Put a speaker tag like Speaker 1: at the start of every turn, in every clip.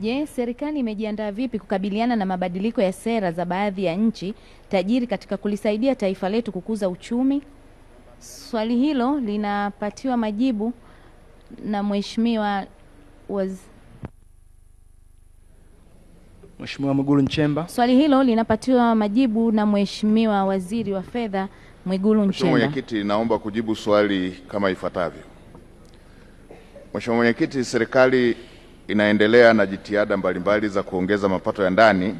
Speaker 1: Je, serikali imejiandaa vipi kukabiliana na mabadiliko ya sera za baadhi ya nchi tajiri katika kulisaidia taifa letu kukuza uchumi? Swali hilo linapatiwa majibu na Mheshimiwa waz...
Speaker 2: Mheshimiwa Mwigulu Nchemba.
Speaker 1: Swali hilo linapatiwa majibu na Mheshimiwa Waziri wa Fedha Mwigulu Nchemba. Mheshimiwa
Speaker 3: Mwenyekiti, naomba kujibu swali kama ifuatavyo. Mheshimiwa Mwenyekiti, serikali inaendelea na jitihada mbalimbali za kuongeza mapato ya ndani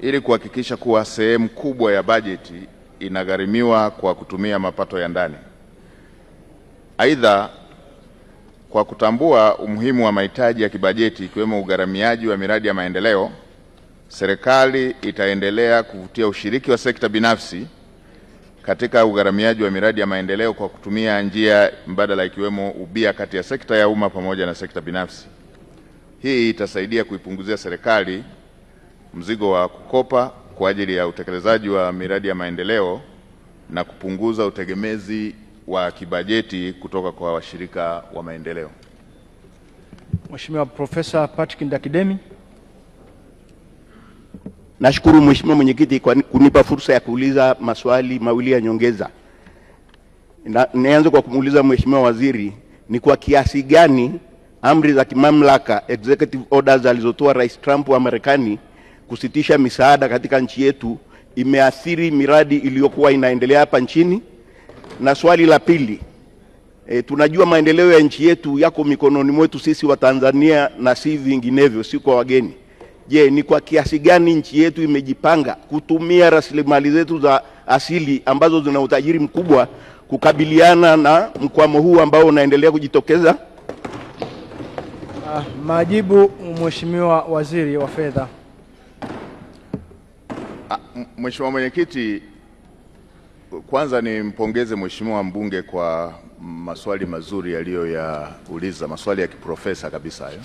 Speaker 3: ili kuhakikisha kuwa sehemu kubwa ya bajeti inagharimiwa kwa kutumia mapato ya ndani. Aidha, kwa kutambua umuhimu wa mahitaji ya kibajeti ikiwemo ugharamiaji wa miradi ya maendeleo, serikali itaendelea kuvutia ushiriki wa sekta binafsi katika ugharamiaji wa miradi ya maendeleo kwa kutumia njia mbadala ikiwemo ubia kati ya sekta ya umma pamoja na sekta binafsi. Hii itasaidia kuipunguzia serikali mzigo wa kukopa kwa ajili ya utekelezaji wa miradi ya maendeleo na kupunguza utegemezi wa kibajeti kutoka kwa washirika wa maendeleo.
Speaker 2: Mheshimiwa Profesa Patrick Ndakidemi.
Speaker 4: Nashukuru Mheshimiwa Mwenyekiti kwa kunipa fursa ya kuuliza maswali mawili ya nyongeza. Nianze kwa kumuuliza Mheshimiwa Waziri, ni kwa kiasi gani amri za kimamlaka executive orders alizotoa Rais Trump wa Marekani kusitisha misaada katika nchi yetu imeathiri miradi iliyokuwa inaendelea hapa nchini? Na swali la pili, e, tunajua maendeleo ya nchi yetu yako mikononi mwetu sisi wa Tanzania na si vinginevyo, si kwa wageni. Je, ni kwa kiasi gani nchi yetu imejipanga kutumia rasilimali zetu za asili ambazo zina utajiri mkubwa kukabiliana na mkwamo huu ambao unaendelea kujitokeza?
Speaker 2: Ah, majibu Mheshimiwa Waziri wa Fedha.
Speaker 3: Ah, Mheshimiwa Mwenyekiti, kwanza nimpongeze Mheshimiwa mbunge kwa maswali mazuri yaliyoyauliza, maswali ya kiprofesa kabisa hayo.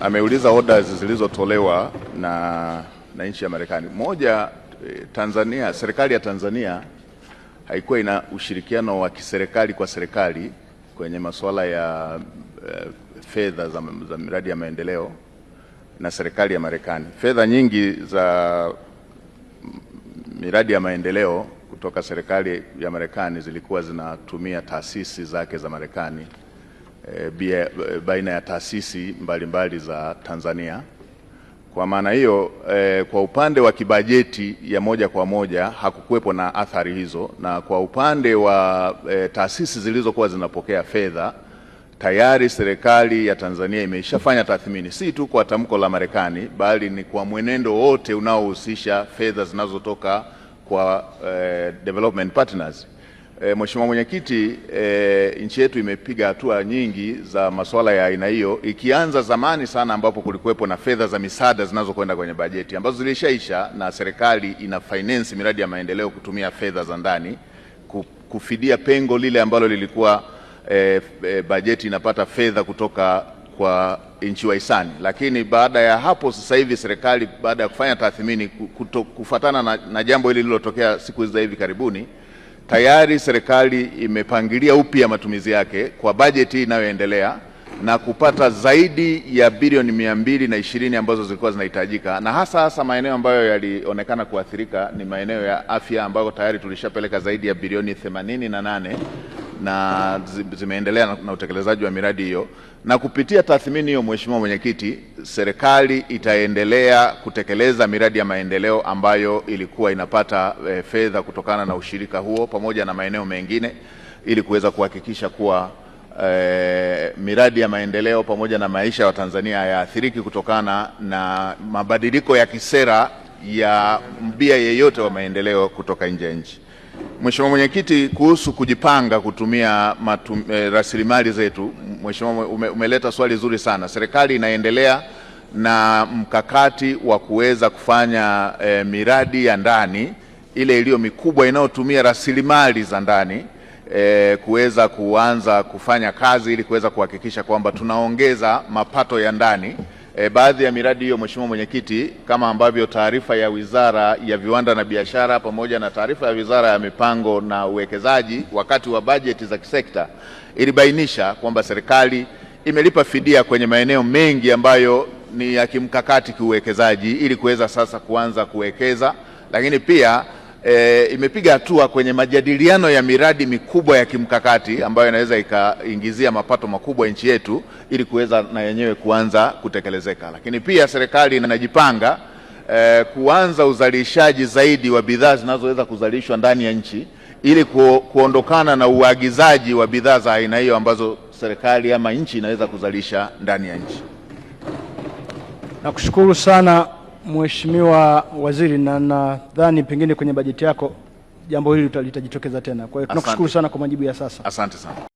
Speaker 3: Ameuliza orders zilizotolewa na, na nchi ya Marekani. Moja, eh, Tanzania, serikali ya Tanzania haikuwa ina ushirikiano wa kiserikali kwa serikali kwenye masuala ya uh, fedha za, za miradi ya maendeleo na serikali ya Marekani. Fedha nyingi za miradi ya maendeleo kutoka serikali ya Marekani zilikuwa zinatumia taasisi zake za Marekani e, baina ya taasisi mbalimbali mbali za Tanzania kwa maana hiyo eh, kwa upande wa kibajeti ya moja kwa moja hakukuwepo na athari hizo, na kwa upande wa eh, taasisi zilizokuwa zinapokea fedha tayari serikali ya Tanzania imeshafanya tathmini, si tu kwa tamko la Marekani, bali ni kwa mwenendo wote unaohusisha fedha zinazotoka kwa eh, development partners. E, Mheshimiwa Mwenyekiti, e, nchi yetu imepiga hatua nyingi za masuala ya aina hiyo, ikianza zamani sana ambapo kulikuwepo na fedha za misaada zinazokwenda kwenye bajeti ambazo zilishaisha na serikali ina finance miradi ya maendeleo kutumia fedha za ndani kufidia pengo lile ambalo lilikuwa e, e, bajeti inapata fedha kutoka kwa nchi wahisani. Lakini baada ya hapo sasa hivi serikali baada ya kufanya tathmini kuto, kufatana na, na jambo hili lililotokea siku za hivi karibuni tayari serikali imepangilia upya matumizi yake kwa bajeti inayoendelea na kupata zaidi ya bilioni mia mbili na ishirini ambazo zilikuwa zinahitajika, na hasa hasa maeneo ambayo yalionekana kuathirika ni maeneo ya afya ambayo tayari tulishapeleka zaidi ya bilioni themanini na nane na zimeendelea na utekelezaji wa miradi hiyo. Na kupitia tathmini hiyo, Mheshimiwa Mwenyekiti, serikali itaendelea kutekeleza miradi ya maendeleo ambayo ilikuwa inapata e, fedha kutokana na ushirika huo pamoja na maeneo mengine ili kuweza kuhakikisha kuwa e, miradi ya maendeleo pamoja na maisha ya tanzania hayaathiriki kutokana na mabadiliko ya kisera ya mbia yeyote wa maendeleo kutoka nje ya nchi. Mheshimiwa Mwenyekiti, kuhusu kujipanga kutumia e, rasilimali zetu, Mheshimiwa ume, umeleta swali zuri sana. Serikali inaendelea na mkakati wa kuweza kufanya e, miradi ya ndani ile iliyo mikubwa inayotumia rasilimali za ndani e, kuweza kuanza kufanya kazi ili kuweza kuhakikisha kwamba tunaongeza mapato ya ndani. E, baadhi ya miradi hiyo Mheshimiwa Mwenyekiti, kama ambavyo taarifa ya Wizara ya Viwanda na Biashara pamoja na taarifa ya Wizara ya Mipango na Uwekezaji wakati wa bajeti za kisekta ilibainisha kwamba serikali imelipa fidia kwenye maeneo mengi ambayo ni ya kimkakati kiuwekezaji ili kuweza sasa kuanza kuwekeza, lakini pia e, imepiga hatua kwenye majadiliano ya miradi mikubwa ya kimkakati ambayo inaweza ikaingizia mapato makubwa nchi yetu ili kuweza na yenyewe kuanza kutekelezeka. Lakini pia serikali inajipanga e, kuanza uzalishaji zaidi wa bidhaa zinazoweza kuzalishwa ndani ya nchi ili ku, kuondokana na uagizaji wa bidhaa za aina hiyo ambazo serikali ama nchi inaweza kuzalisha ndani ya nchi.
Speaker 2: Nakushukuru sana. Mheshimiwa Waziri, na nadhani pengine kwenye bajeti yako jambo hili litajitokeza tena. Kwa hiyo tunakushukuru sana kwa majibu ya sasa.
Speaker 3: Asante sana.